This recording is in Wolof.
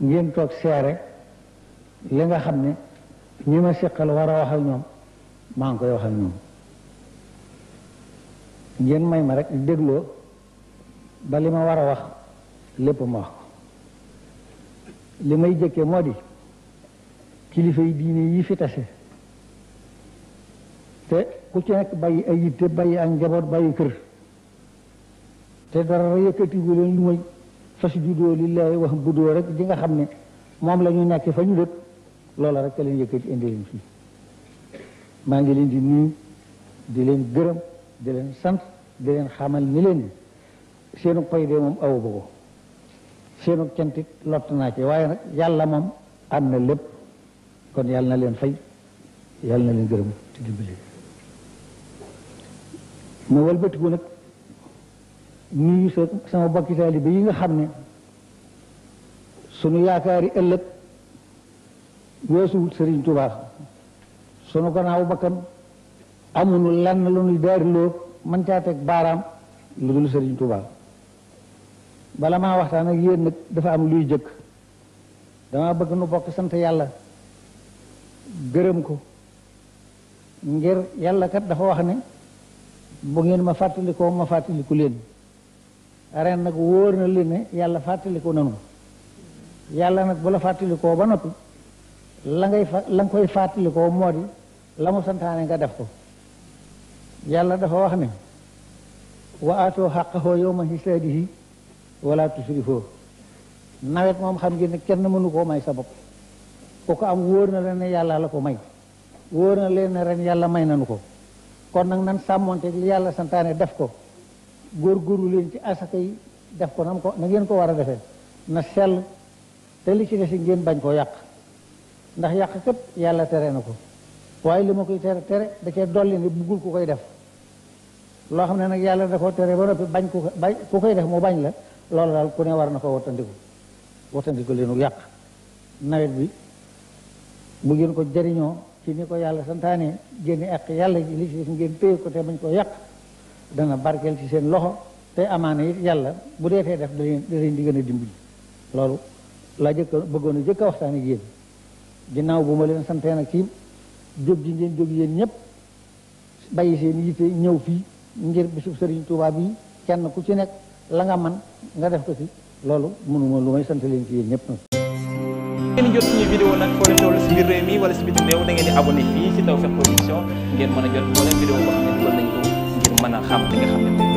ngeen toog seere li nga xam ni ñu ma seqal war a wax ñoom maa ngi koy wax ak ñoom ngeen may ma rek dégloo ba li ma war a wax lépp ma wax ko li may jëkke moo kilifa yi diine yi fi tase te ku ci nekk bàyyi ay yitte bàyyi ak njaboot bàyyi kër te dara yëkkatigu leen lu may doo fasjudoo lillaahi wa'budoo rek di nga xam ne moom la ñu nekk fa ñu dëkk loola rek a leen yëkkati indi leen fii maa ngi leen di nuyu di leen gërëm di leen sant di leen xamal ni leen seenu koy dee moom awu bëggo seenu cantit lott naa ci waaye nag yàlla moom am na lépp kon yàlla na leen fay yàlla na leen gërëm te dimbali ma walbatiku nag nuyu sa sama bokki ba yi nga xam ne sunu yaakaari ëllëg weesuwut Sëriñ Tuubaa sunu gannaaw bakkan amuñu lenn lu nuy daariloo mën caa teg baaraam lu dul Sëriñ Tuubaa bala maa waxtaan ak yéen dafa am luy jëkk damaa bëgg nu bokk sant yàlla gërëm ko ngir yàlla kat dafa wax ni bu ngeen ma fàttalikoo ma fàttaliku leen ren nag wóor na leen ne yàlla fàttalikoo nanu yàlla nag bu la fàttalikoo ba noppi la ngay fa la nga koy fàttalikoo moo di la mu santaane nga def ko yàlla dafa wax ne wa ma xaqahoo yawma hisaadihi wala tusrifoo nawet moom xam ngeen ne kenn mënu koo may sa bopp ku ko am wóor na leen ne yàlla la ko may wóor na leen ne ren yàlla may nanu ko kon nag nan sàmmonte li yàlla santaane def ko góor góoru leen ci asaka yi def ko nam ko na ngeen ko war a defee na sell te li ci si ngeen bañ koo yàq ndax yàq képp yàlla tere na ko waaye li ma koy tere tere da cee dolli ne buggul ku koy def loo xam ne nag yàlla da koo tere ba noppi bañ ku bañ ku koy def mu bañ la loolu daal ku ne war na ko wattandiku wattandiku leenu yàq nawet bi mu ngeen ko jëriñoo ci ni ko yàlla santaane génne ak yàlla ji li ci des ngeen téye ko te bañ koo yàq dana barkeel ci seen loxo te amaana it yàlla bu deetee def da leen di gën a dimbali loolu laa jëkk bëggoon a jëkk a waxtaan ak yéen ginnaaw ma leen santee nag ci jóg ji ngeen jóg yéen ñëpp bàyyi seen yitte ñëw fii ngir bisub sëriñ Tuubaa bi kenn ku ci nekk la nga man nga def ko ci loolu mënuma lu may sant leen ci yéen ñëpp nag ngeen jot suñu vidéo nag foo ngeen di abonné fii si Tawfekh Production ngeen mën a moo leen vidéo boo xam ne dugal mën a xam nga xam ne